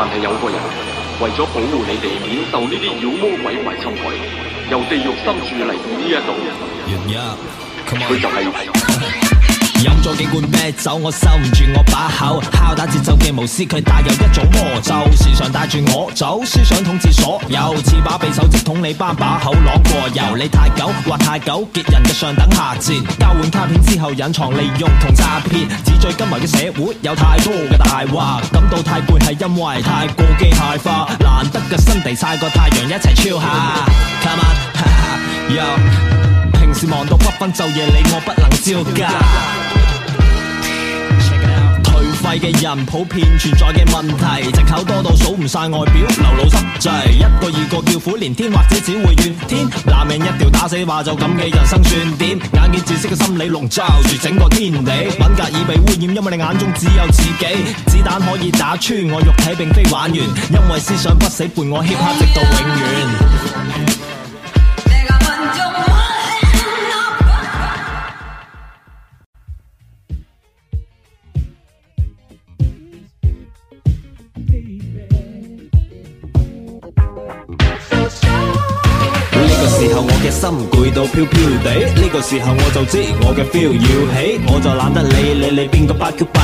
但係有個人為咗保護你哋免受呢啲妖魔鬼怪侵害，由地獄深處嚟到呢一度，佢來就係。飲咗幾罐啤酒？我收唔住我，我把口敲打節奏嘅巫師，佢帶有一種魔咒。時常帶住我走，思想統治所有，似把匕首直捅你班把口。朗過油，你太久，或太久，結人嘅上等下賤。交換卡片之後，隱藏利用同詐騙。紙醉金迷嘅社會，有太多嘅大話。感到太攰係因為太過機械化，難得嘅新地晒個太陽一齊超下。Come on 平時忙到不分晝夜，你我不能招架。世嘅人普遍存在嘅問題，借口多到數唔晒，外表流露心悸，一個、二個叫苦連天，或者只會怨天。男人一條打死話就咁嘅人生算點？眼見自私嘅心理籠罩住整個天地，品格已被污染，因為你眼中只有自己。子彈可以打穿我肉體並非玩完，因為思想不死，伴我 hip hop 直到永遠。飄飄地，呢、這個時候我就知我嘅 feel 要起，我就懶得理你你邊個八九弊，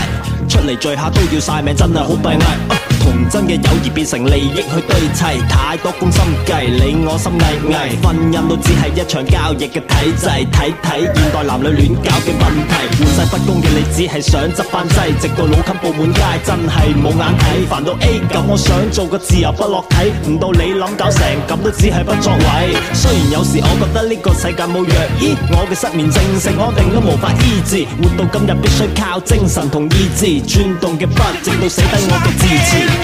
出嚟聚下都要晒命，真係好閉翳。Oh. 真嘅友誼變成利益去堆砌，太多公心計，你我心翳翳，婚姻都只係一場交易嘅體制。睇睇現代男女亂搞嘅問題，不世不公嘅你只係想執翻劑，直到腦襟布滿街，真係冇眼睇。煩到 A 咁，我想做個自由不落體，唔到你諗搞成咁都只係不作為。雖然有時我覺得呢個世界冇藥醫，我嘅失眠症成我定都無法醫治，活到今日必須靠精神同意志，轉動嘅筆直到寫低我嘅支持。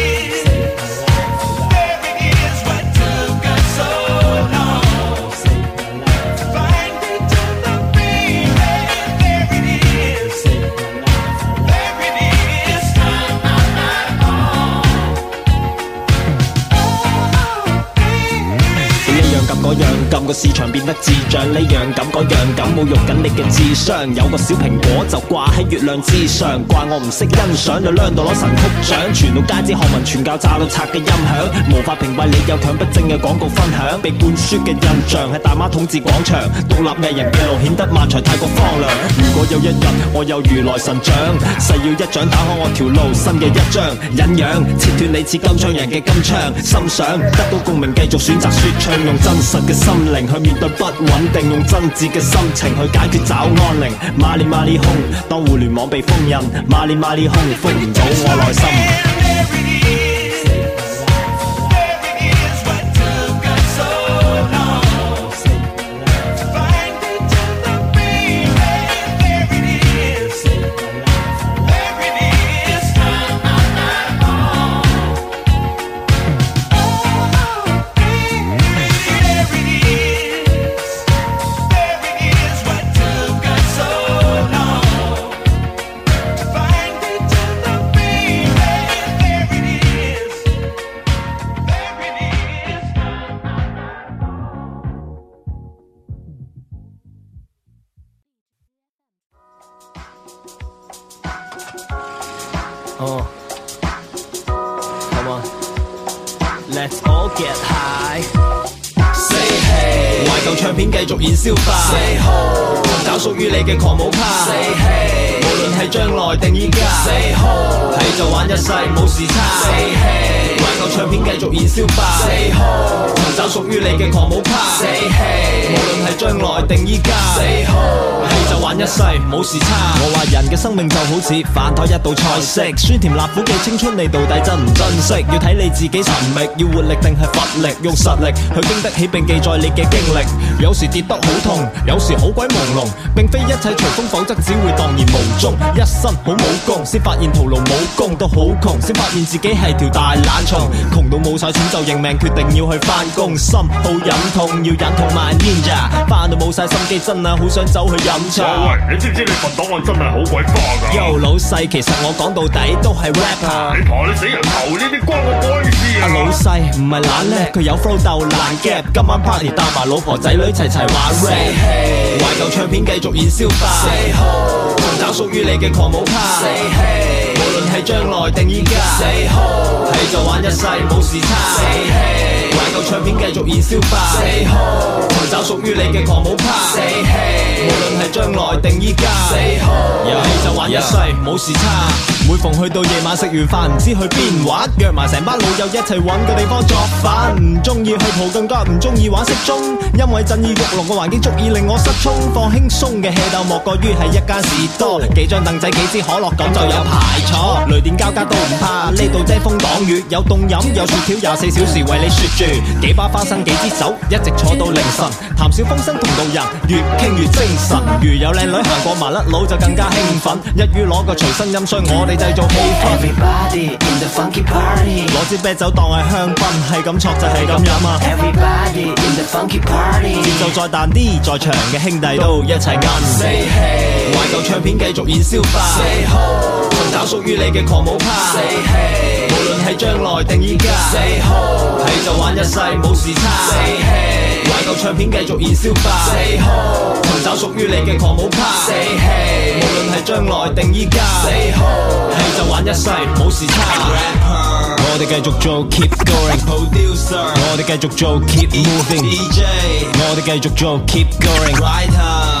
個市場變得智障，呢樣咁嗰樣咁，侮辱緊你嘅智商。有個小蘋果就掛喺月亮之上，怪我唔識欣賞就亮到攞神曲獎。傳到街知巷聞，全教炸到拆嘅音響，無法評價你有強不正嘅廣告分享。被灌輸嘅印象係大媽統治廣場，獨立藝人嘅路顯得漫長太過荒涼。如果有一日我有如來神掌，誓要一掌打開我條路，新嘅一章。隱隱切斷你似金槍人嘅金槍，心想得到共鳴繼續選擇説唱，用真實嘅心理。去面對不穩定，用真摯嘅心情去解決找安寧。My my my 空，當互聯網被封印，my my my 空，封唔到我內心。屬於你嘅狂舞趴，無論係將來定依家，睇就玩一世，冇時差。玩夠唱片繼續燃燒吧。找屬於你嘅狂舞趴，無論係將來定依家，睇就玩一世，冇時差。我話人嘅生命就好似飯台一道菜式，酸甜辣苦嘅青春，你到底珍唔珍惜？要睇你自己尋覓，要活力定係乏力，用實力去經得起並記載你嘅經歷。有時跌得好痛，有時好鬼朦朧。並非一切隨風，否則只會蕩然無蹤。一身好武功，先發現徒勞無功都好窮，先發現自己係條大懶蟲。窮到冇晒錢，就認命決定要去翻工。心好忍痛，要忍痛買煙呀。翻到冇曬心機，真係好想走去飲茶。喂，你知唔知你份檔案真係好鬼花㗎？又老細，其實我講到底都係 rap 呀。你爬你死人頭呢啲關我鬼事啊？阿老細唔係懶叻，佢有 flow 鬥難 gap。今晚 party 帶埋老婆仔女齊齊玩 rap。懷舊唱片嘅。續燃燒吧，尋找 Say, Ho，屬於你嘅狂舞趴。Say, Hey. 係將來定依家，係就玩一世冇時差。玩夠唱片繼續燃燒吧。找屬於你嘅狂舞趴。無論係將來定依家，係就玩一世冇時差。每逢去到夜晚食完飯唔知去邊玩，約埋成班老友一齊揾個地方作反。唔中意去蒲更加唔中意玩骰盅，因為震耳欲聾嘅環境足以令我失聰。放輕鬆嘅氣鬥莫過於係一家士多，幾張凳仔幾支可樂咁就有排坐。雷電交加都唔怕，呢度遮風擋雨，有凍飲有雪條，廿四小時為你雪住。幾把花生幾支酒，一直坐到凌晨。談笑風生同路人，越傾越精神。如有靚女行過麻甩佬就更加興奮。一於攞個隨身音箱，我哋製造氣氛。Everybody in the funky party，攞支啤酒當係香檳，係咁坐就係咁飲啊。Everybody in the funky party，節奏再彈啲，在場嘅兄弟都一齊跟。Say hey，懷舊唱片繼續燃燒吧。Say ho。找屬於你嘅狂舞趴。Say hey，無論係將來定依家。Say ho，係就玩一世，冇時差。Say hey，懷舊唱片繼續燃燒吧。Say ho，尋找屬於你嘅狂舞趴。Say hey，無論係將來定依家。Say ho，係就玩一世，冇時差。Rapper，我哋繼續做，keep going。Producer，我哋繼續做，keep moving。DJ，我哋繼續做，keep going。Writer。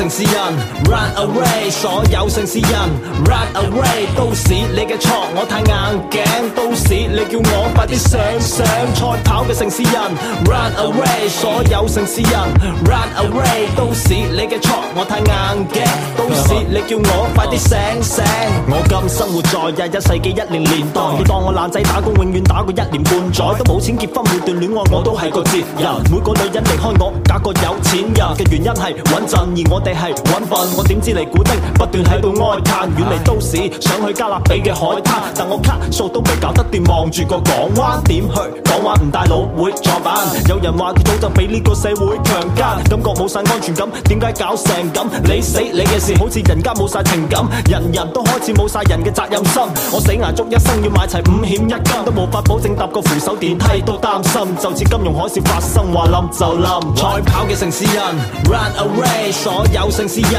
城市人 run away，所有城市人 run away。都市你嘅錯，我太硬頸。都市你叫我快啲醒醒。賽跑嘅城市人 run away，所有城市人 run away。都市你嘅錯，我太硬頸。都市你叫我快啲醒醒。我今生活在廿一世紀一零年代，你當我爛仔打工，永遠打過一年半載都冇錢結婚，每段戀愛我都係個賤人。每個女人離開我嫁個有錢人嘅原因係穩陣，而我哋。你係揾飯，我點知你古丁？不斷喺度哀嘆，遠離都市，想去加勒比嘅海灘，但我卡數都未搞得掂，望住個港灣，點去？港灣唔帶腦會坐板。有人話佢早就俾呢個社會強姦，感覺冇曬安全感，點解搞成咁？你死你嘅事，好似人家冇曬情感，人人都開始冇曬人嘅責任心。我死捱足一生要買齊五險一金，都冇法保證搭個扶手電梯都擔心，就似金融海嘯發生，話冧就冧。賽跑嘅城市人，Run away，所以。有城市人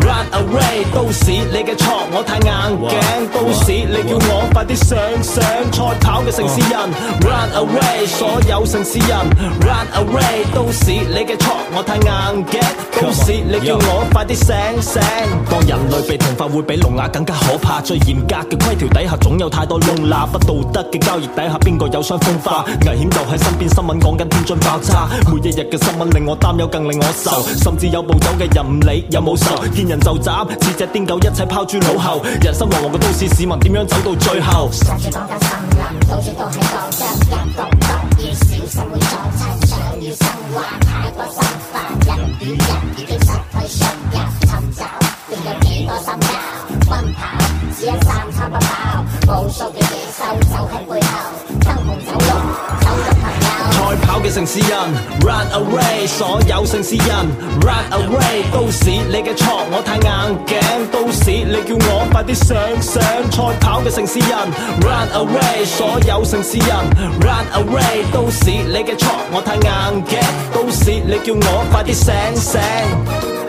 run away，都市你嘅錯，我太硬頸。都市你叫我快啲醒醒，賽跑嘅城市人 run away。所有城市人 run away，都市你嘅錯，我太硬頸。都市你叫我快啲醒醒。當人類被同化會比聾啞更加可怕，最嚴格嘅規條底下總有太多窿罅，不道德嘅交易底下，邊個有傷風化？危險就喺身邊，新聞講緊天津爆炸，每一日嘅新聞令我擔憂更令我愁，甚至有暴走嘅人。唔理有冇仇，見人就斬，似隻癲狗，一切拋諸腦後。人心惶惶嘅都市，市民點樣走到最後？生存艱辛，到處都係鬥爭，一搏搏要小心，會撞親。要生還，睇我生化人，人已經失去信任尋找，仲有幾多心膠？奔跑，只因三餐不飽，無數嘅野獸走喺背後，偷紅走綠。賽跑嘅城市人，Run away！所有城市人，Run away！都係你嘅錯，我太硬頸。都係你叫我快啲醒醒。賽跑嘅城市人，Run away！所有城市人，Run away！都係你嘅錯，我太硬頸。都係你叫我快啲醒醒。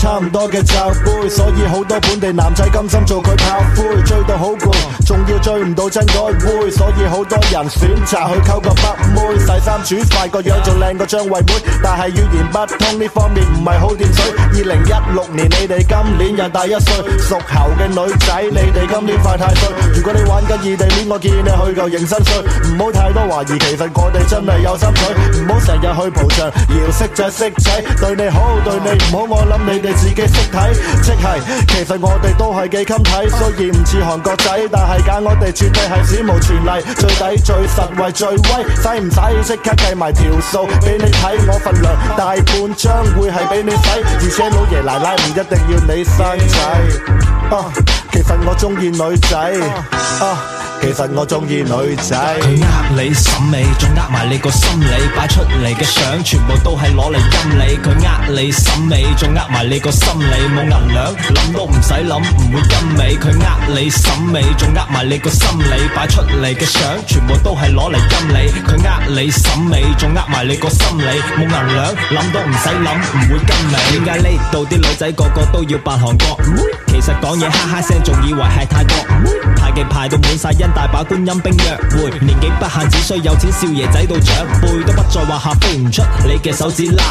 差唔多嘅罩杯，所以好多本地男仔甘心做佢。 追唔到真該灰，所以好多人選擇去溝個北妹，洗衫煮飯個樣仲靚過張惠妹,妹，但係語言不通呢方面唔係好掂水。二零一六年你哋今年又大一歲，屬猴嘅女仔你哋今年快太歲。如果你玩緊異地戀，我建議你去夠認真衰，唔好太多懷疑，其實我哋真係有心水，唔好成日去蒲場，搖骰就骰仔，對你好，對你唔好，我諗你哋自己識睇，即係其實我哋都係幾襟睇，雖然唔似韓國仔，但係揀我。我哋絕對係史無前例，最抵、最實惠、最威，使唔使即刻計埋條數俾你睇？我份量大半張會係俾你使，而且老爺奶奶唔一定要你生仔。啊、uh，其實我鍾意女仔。啊、uh。其實我中意女仔，佢呃你審美，仲呃埋你個心理，擺出嚟嘅相全部都係攞嚟陰你。佢呃你審美，仲呃埋你個心理，冇銀兩，諗都唔使諗，唔會陰你。佢呃你審美，仲呃埋你個心理，擺出嚟嘅相全部都係攞嚟陰你。佢呃你審美，仲呃埋你個心理，冇銀兩，諗都唔使諗，唔會陰你。點解呢度啲女仔個個都要扮韓國妹？其實講嘢哈哈聲，仲以為係泰國妹，排嘅排到滿曬一。大把觀音兵約會，年紀不限，只需有錢少爺仔到長輩都不再話下，飛唔出你嘅手指罅，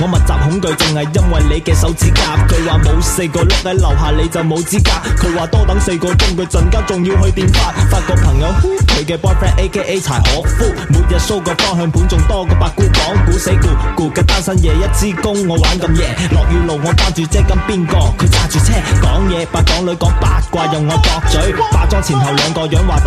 我密集恐懼淨係因為你嘅手指甲。佢話冇四個碌喺樓下你就冇資格，佢話多等四個鐘佢陣間仲要去電髮。發個朋友，佢嘅 boyfriend A K A 柴可夫，每日 show 個方向盤仲多過白姑講古死咕咕，嘅單身夜一支公，我玩咁夜，落雨路，我擔住遮，咁邊個佢揸住車講嘢？八港女講八卦，用我駁嘴，化妝前後兩個樣，話。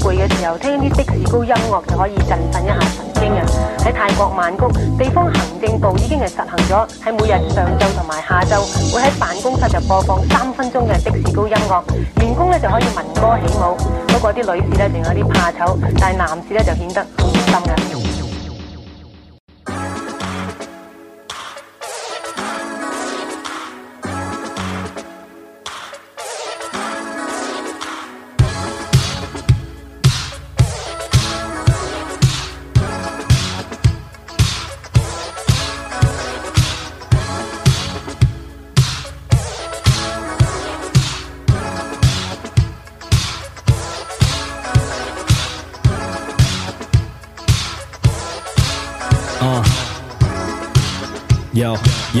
攰嘅時候聽啲的士高音樂就可以振奮一下神經啊。喺泰國曼谷，地方行政部已經係實行咗喺每日上晝同埋下晝會喺辦公室就播放三分鐘嘅的、的士高音樂，員工咧就可以聞歌起舞。不過啲女士咧仲有啲怕醜，但係男士咧就顯得好熱心嘅。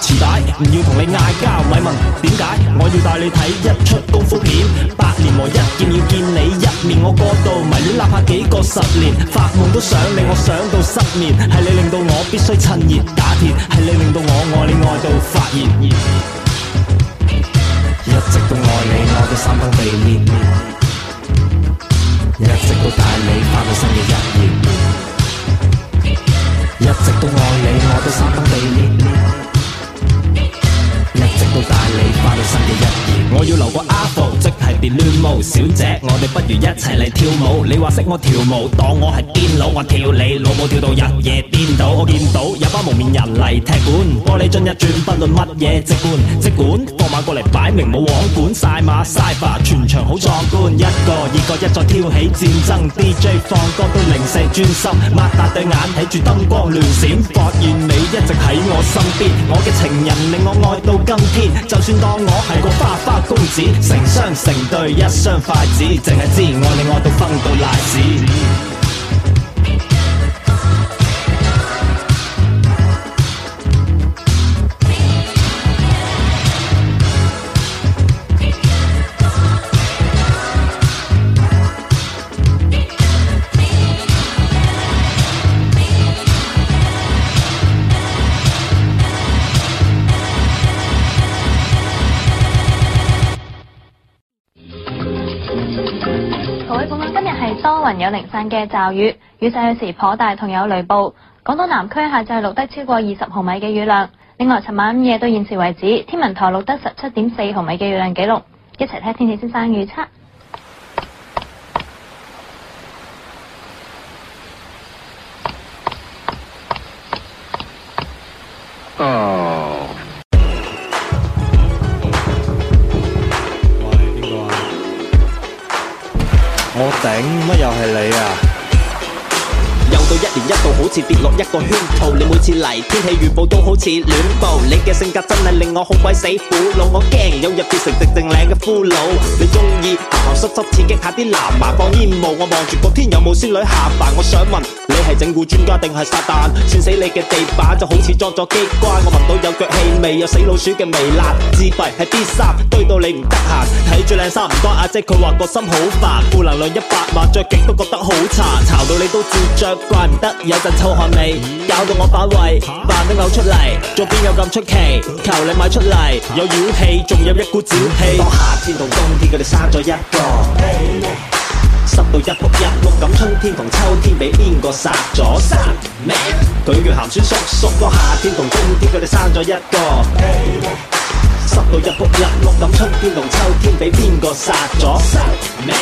錢袋唔要同你嗌交，咪問點解？我要帶你睇一出功夫片，百年磨一見要見你一面，我過度迷戀，哪怕幾個十年，發夢都想你，令我想到失眠。係你令到我必須趁熱打鐵，係你令到我愛你愛到發熱熱。一直都愛你愛到三分地裂，一直都帶你快樂生活一年。一直都愛你愛到三分地裂。直到帶你翻到新嘅一頁，我要留個阿婆，即係別亂舞小姐，我哋不如一齊嚟跳舞。你話識我跳舞，當我係癲佬，我跳你老母跳到日夜顛倒，我見到有班蒙面人嚟踢館，玻璃樽一轉不論乜嘢即管即管。放馬過嚟擺明冇王管晒馬晒吧，全場好壯觀，一個二個一再挑起戰爭 DJ 放歌都零舍專心，擘大對眼睇住燈光亂閃，發現你一直喺我身邊，我嘅情人令我愛到更。就算當我係個花花公子，成雙成對，一雙筷子，淨係知我愛你愛到昏到賴子。嘅驟雨，雨勢有時頗大，同有雷暴。廣東南區下晝錄得超過二十毫米嘅雨量。另 外樂，尋晚午夜到現時為止，天文台錄得十七點四毫米嘅雨量紀錄。一齊聽天氣先生預測。頂乜又係你啊？ 又到一年一度，好似跌落一個圈套。你每次嚟，天氣預報都好似亂報。你嘅性格真係令我好鬼死苦惱，我驚有日變成直靜嶺嘅俘虜。你中意鹹鹹濕濕刺激下啲男，麻放煙霧我望住個天有冇仙女下凡。我想問你係整蠱專家定係撒旦？串死你嘅地板就好似裝咗機關，我聞到有腳氣味，有死老鼠嘅微辣。自閉係啲衫堆到你唔得閒，睇住靚衫唔多，阿姐佢話個心好煩。負能量一百萬，着極都覺得好殘，殘到你都絕仗。怪唔得有陣臭汗味，搞到我把胃飯都嘔出嚟，仲邊有咁出奇？求你買出嚟，有妖氣，仲有一股子氣。當夏天同冬天佢哋生咗一個，濕到一撲一撲咁，春天同秋天俾邊個殺咗生咩？佢叫鹹酸叔叔，當夏天同冬天佢哋生咗一個，濕到一仆一碌，咁春天同秋天，俾邊個殺咗？收命！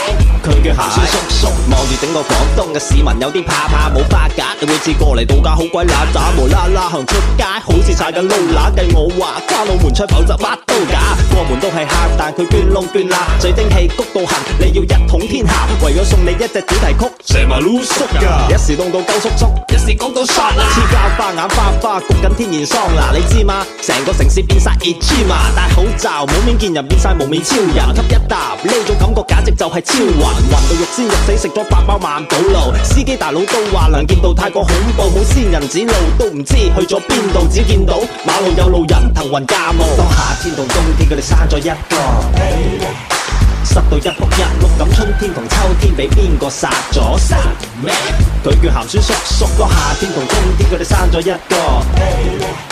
佢叫鞋。好叔縮望住整個廣東嘅市民有啲怕怕，冇花假。每次過嚟度假好鬼乸，走無啦啦行出街，好似踩緊路乸。計我話跨路門出，否則乜都假。過門都係客，但佢捐窿捐罅，最精氣谷到行。你要一統天下，為咗送你一隻主題曲。成日咪擼縮㗎，一時弄到鳩叔叔，一時講到甩。黐膠花眼花花，焗緊天然桑拿。你知嗎？成個城市變晒熱氣嘛！戴口罩，冇面見人變曬無面超人，吸一啖呢種感覺簡直就係超暈暈到肉先肉死，食咗八包萬寶路，司機大佬都話能見度太過恐怖，冇仙人指路都唔知去咗邊度，只見到馬路有路人騰雲駕霧。當夏天同冬天佢哋生咗一個 baby，濕到一撲一碌咁，春天同秋天俾邊個殺咗？殺咩？佢叫鹹酸叔叔，當夏天同冬天佢哋生咗一個 baby。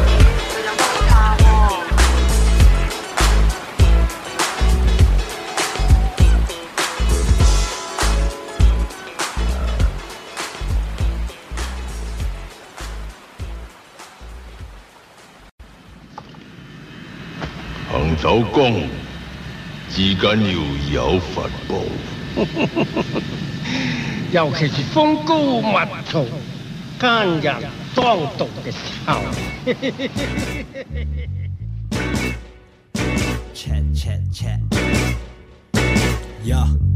手工至緊要有法寶，尤其是風高物燥、奸人當道嘅時候。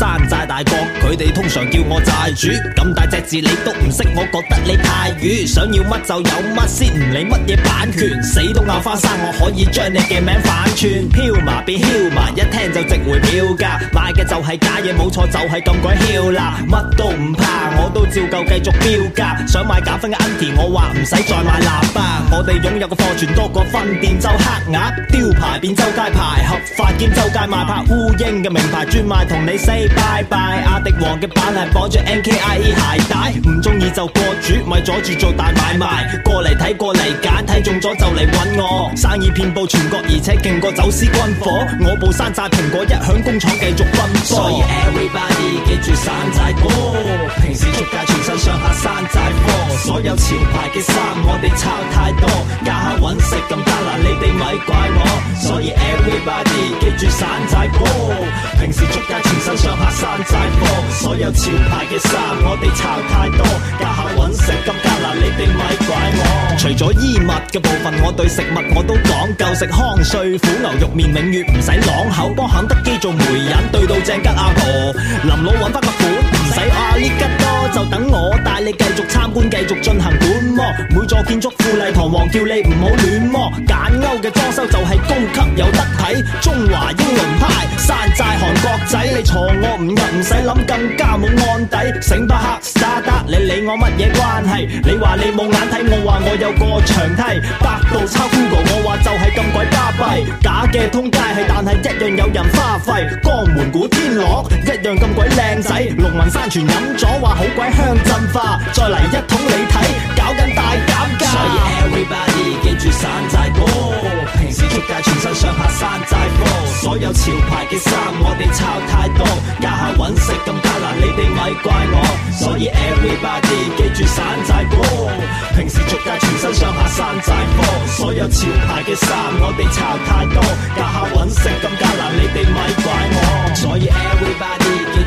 山寨大國，佢哋通常叫我寨主。咁大隻字你都唔識，我覺得你太愚。想要乜就有乜先，唔理乜嘢版權，死都咬花生。我可以將你嘅名反串。h i l l m a h i l l m 一聽就值回票價。買嘅就係假嘢，冇錯就係咁鬼竊啦，乜都唔怕，我都照舊繼續標價。想買假分嘅 u n 我話唔使再買喇叭。嗯、我哋擁有嘅貨存多過分店，就黑鴨雕牌變周街牌，合法兼周街賣拍烏蠅嘅名牌專賣，同你 say。bye bye，阿迪王嘅板鞋綁住 Nike 鞋帶，唔中意就過主，咪阻住做大買賣。過嚟睇過嚟揀，睇中咗就嚟揾我。生意遍佈全國，而且勁過走私軍火。我部山寨蘋果一向工廠繼續奔波。所以 everybody 記住山寨貨，平時出街全身上下山寨貨。所有潮牌嘅衫我哋抄太多，家下揾食咁艱難，你哋咪怪我。所以 everybody 記住山寨貨，平時出街全身上下山寨貨，所有潮牌嘅衫我哋炒太多，家下揾食咁艱難，嗱你哋咪怪我。除咗衣物嘅部分，我對食物我都講夠食康穗苦牛肉肉麵，永遠唔使朗口。幫肯德基做媒人，對到正吉阿婆，林老揾翻個款唔使阿力吉。就等我帶你繼續參觀，繼續進行觀摩。每座建築富麗堂皇，叫你唔好亂摸。簡歐嘅裝修就係高級有得睇，中華英倫派，山寨韓國仔，你藏我唔入，唔使諗，更加冇案底。成班黑沙得你理我乜嘢關係？你話你冇眼睇，我話我有個長梯。百度抄 Google，我話就係咁鬼巴閉。假嘅通街係，但係一樣有人花費。江門古天樂一樣咁鬼靚仔，農民山泉飲咗話。鬼香浸化，再嚟一桶你睇，搞緊大減價。所以 everybody 記住山寨貨，平時出街全身上下山寨貨。所有潮牌嘅衫我哋抄太多，家下揾食咁艱難，你哋咪怪我。所以 everybody 記住山寨貨，平時出街全身上下山寨貨。所有潮牌嘅衫我哋抄太多，家下揾食咁艱難，你哋咪怪我。所以 everybody。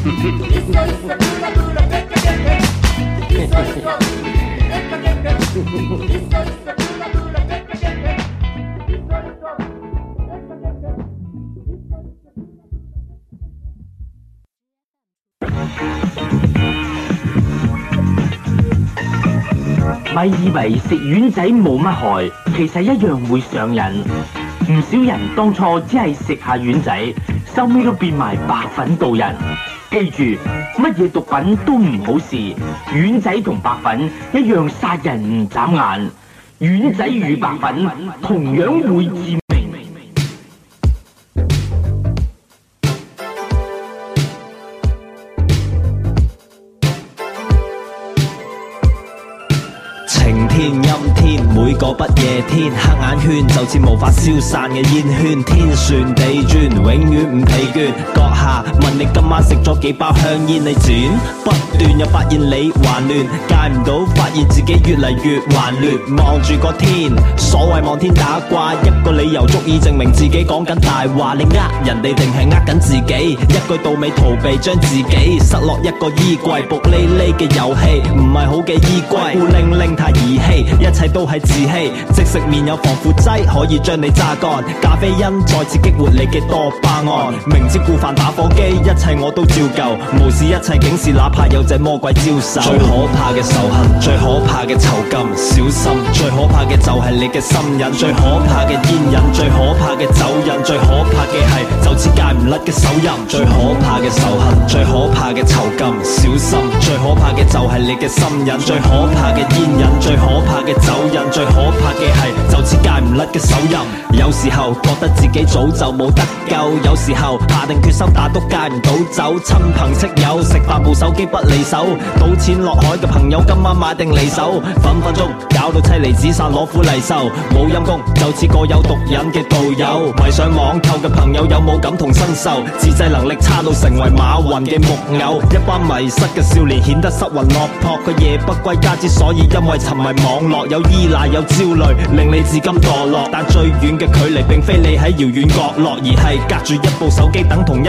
咪 以為食丸仔冇乜害，其實一樣會上癮。唔少人當初只係食下丸仔，收尾都變埋白粉道人。記住，乜嘢毒品都唔好事，丸仔同白粉一樣殺人唔眨眼，丸仔與白粉同樣會致命。晴天陰天，每個不夜天，黑眼圈就似無法消散嘅煙圈，天旋地轉，永遠唔疲倦。問你今晚食咗幾包香煙？你剪不斷，又發現你還亂戒唔到，發現自己越嚟越還亂。望住個天，所謂望天打卦，一個理由足以證明自己講緊大話。你呃人哋定係呃緊自己？一句到尾逃避，將自己塞落一個衣櫃，薄哩哩嘅遊戲唔係好嘅衣櫃，孤零零太兒戲，一切都係自欺。即食麵有防腐劑，可以將你榨乾，咖啡因再次激活你嘅多巴胺，明知故犯。打火機，一切我都照舊，無視一切警示，哪怕有隻魔鬼招手。最可怕嘅仇恨，最可怕嘅囚禁。小心！最可怕嘅就係你嘅心癮，最可怕嘅煙癮，最可怕嘅酒癮，最可怕嘅係就似戒唔甩嘅手癮。最可怕嘅仇恨，最可怕嘅囚禁。小心！最可怕嘅就係你嘅心癮，最可怕嘅煙癮，最可怕嘅酒癮，最可怕嘅係就似戒唔甩嘅手癮。有時候覺得自己早就冇得救，有時候下定決心。都戒唔到酒，親朋戚友食飯部手機不離手，賭錢落海嘅朋友今晚買定離手，分分鐘搞到妻離子散攞苦嚟受，冇陰功就似個有毒癮嘅道友，迷上網購嘅朋友有冇感同身受？自制能力差到成為馬雲嘅木偶，一班迷失嘅少年顯得失魂落魄，佢夜不歸家之所以因為沉迷網絡，有依賴有焦慮，令你至今墮落。但最遠嘅距離並非你喺遙遠角落，而係隔住一部手機等同一。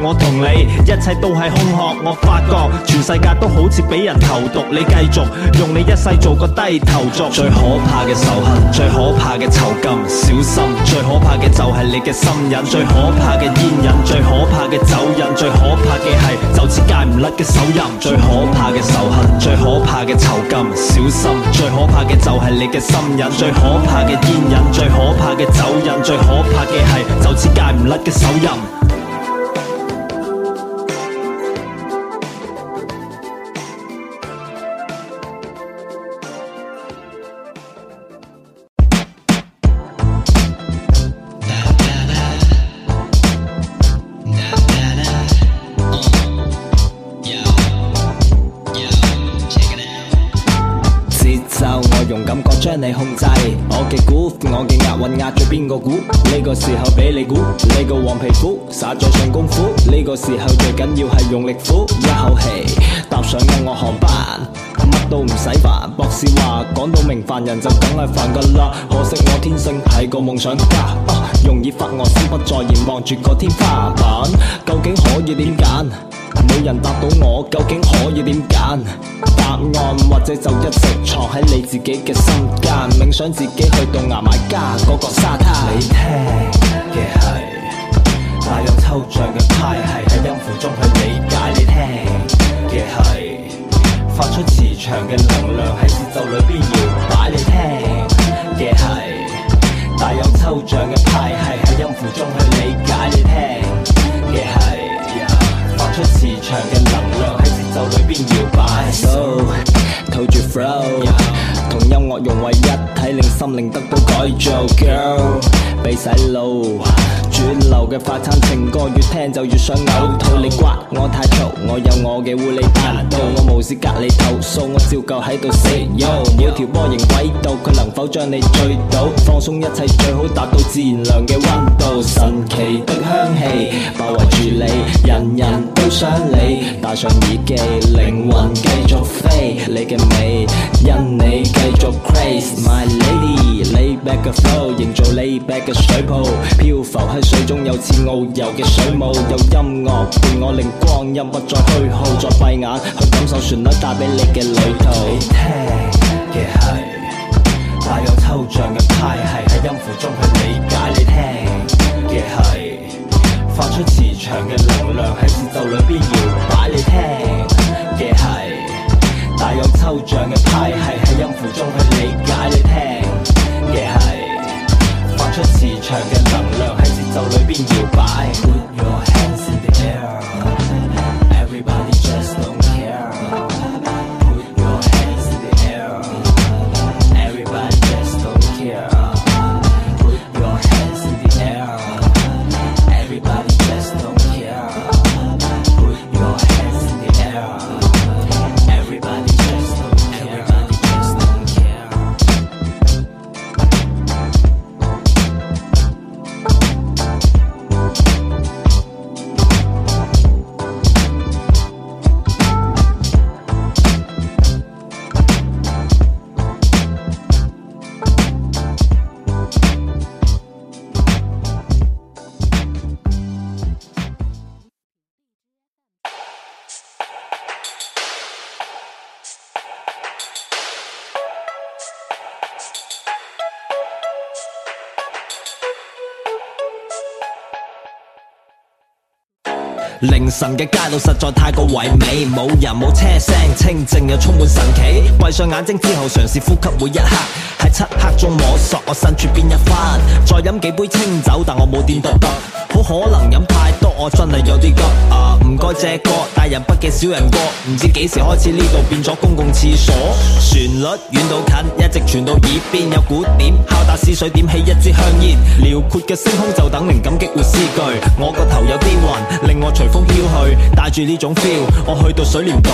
我同你一切都係空殼，我發覺全世界都好似俾人投毒。你繼續用你一世做個低頭族。最可怕嘅仇恨，最可怕嘅酬金，小心最可怕嘅就係你嘅心癮。最可怕嘅煙癮，最可怕嘅酒癮，最可怕嘅係就似戒唔甩嘅手淫。最可怕嘅仇恨，最可怕嘅酬金，小心最可怕嘅就係你嘅心癮。最可怕嘅煙癮，最可怕嘅酒癮，最可怕嘅係就似戒唔甩嘅手淫。個時候俾你估，你個黃皮膚，耍咗上功夫。呢、這個時候最緊要係用力呼，一口氣搭上音樂航班，乜都唔使煩。博士話講到明，凡人就梗係煩㗎啦，可惜我天性係個夢想家、啊啊，容易發呆，心不在焉望住個天花板，究竟可以點揀？冇人答到我，究竟可以點揀？答案或者就一直藏喺你自己嘅心間，冥想自己去到牙買加嗰個沙灘。你聽。嘅快餐情歌越聽就越想嘔吐，你刮我太嘈，我有我嘅護理頻道我無視隔離投訴，我照舊喺度食肉。Yo，每條波形軌道，佢能否將你醉倒？放鬆一切最好達到自然涼嘅溫度，神奇的香氣包圍住你，人人。想你，戴上耳機，靈魂繼續飛。你嘅美，因你繼續 crazy，my lady。lay back 嘅 flow 營造 lay back 嘅水泡，漂浮喺水中有似遨遊嘅水母。有音樂伴我，令光陰不再虛耗。再閉眼去感受旋律帶俾你嘅旅途。你聽嘅係帶有抽象嘅派，係喺音符中去理解。你聽嘅係。發出磁場嘅能量喺節奏裏邊搖擺，你聽嘅係帶有抽象嘅派系，係喺音符中去理解，你聽嘅係，發出磁場嘅能量喺節奏裏邊搖擺。Put your hands in the air. 凌晨嘅街道實在太過唯美，冇人冇車聲，清靜又充滿神奇。閉上眼睛之後嘗試呼吸每一刻，喺漆黑中摸索我身處邊一番。再飲幾杯清酒，但我冇掂到得好可能飲太多，我真係有啲急啊！唔該借歌，大人不計小人過，唔知幾時開始呢度變咗公共廁所。旋律遠到近，一直傳到耳邊有鼓點，敲打思緒點起一支香煙，遼闊嘅星空就等靈感激活詩句。我個頭有啲暈，令我隨風飄去，帶住呢種 feel，我去到水簾洞，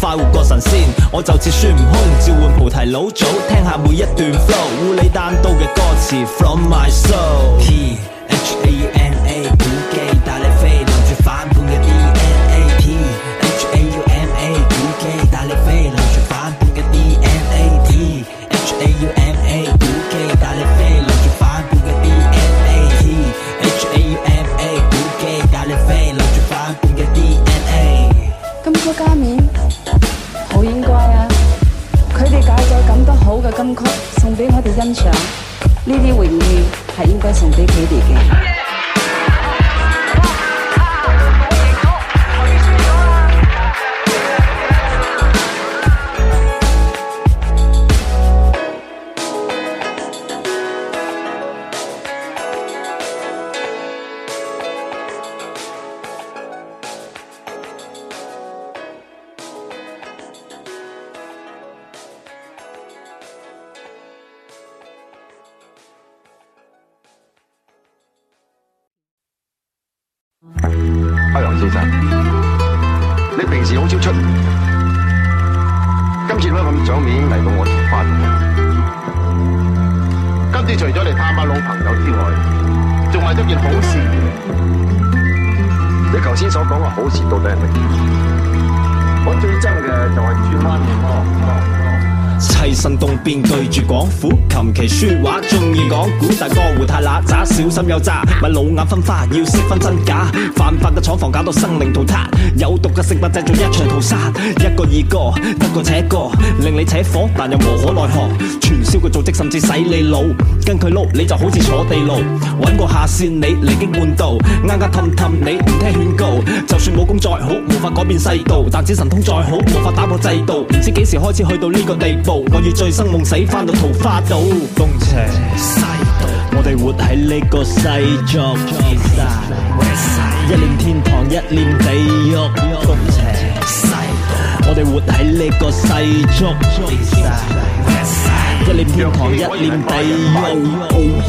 快活過神仙。我就似孫悟空，召喚菩提老祖，聽下每一段 flow，烏尼單刀嘅歌詞，From my soul T H A。欣賞呢啲榮譽，係應該送俾佢哋嘅。 阿楊先生，你平時好少出門，今次攞咁賞面嚟,到我哋班，今次除咗嚟探下老朋友之外，仲係一件好事。你頭先所講嘅好事到底係咩？我最憎嘅就係轉彎面棲身東邊對住廣府，琴棋書畫中意講古，大哥胡太乸雜，小心有詐，咪老眼昏花，要識分真假。犯法嘅廠房搞到生靈塗炭，有毒嘅食物製造一場屠殺。一個二個，得過且過，令你扯火，但又無可奈何。傳銷嘅組織甚至洗你腦，跟佢碌你就好似坐地牢，揾個下線你離經叛道，啱啱氹氹你唔聽勸告。就算武功再好，無法改變世道；但指神通再好，無法打破制度。唔知幾時開始去到呢個地步。我要醉生夢死翻到桃花島，東邪西毒，我哋活喺呢個世俗中，一念天堂一念地獄。東邪西毒，我哋活喺呢個世俗中，一念天堂一念地獄。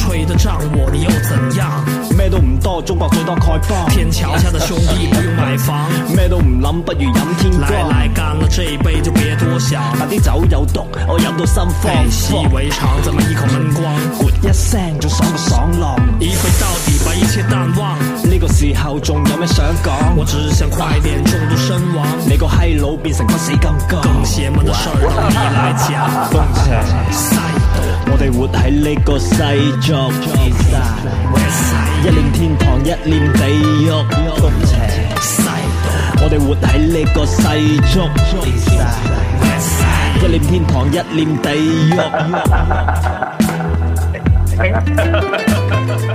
吹得脹我，你又怎樣？咩都唔多，中國最多開放。天橋下的兄弟不用買房，咩都唔諗，不如飲天奶。來來，乾了這杯就別多想。那啲酒有毒，我飲到心慌。習以為常，咱們一口悶光？活一聲仲爽過爽朗，一醉到底把一切淡忘。呢個時候仲有咩想講？我只想快點中毒身亡。你個閪佬變成不死金剛。更邪門的事都你來講。放下。我哋活喺呢個世俗，一念天堂，一念地獄。我哋活喺呢個世俗，一念天堂，一念地獄。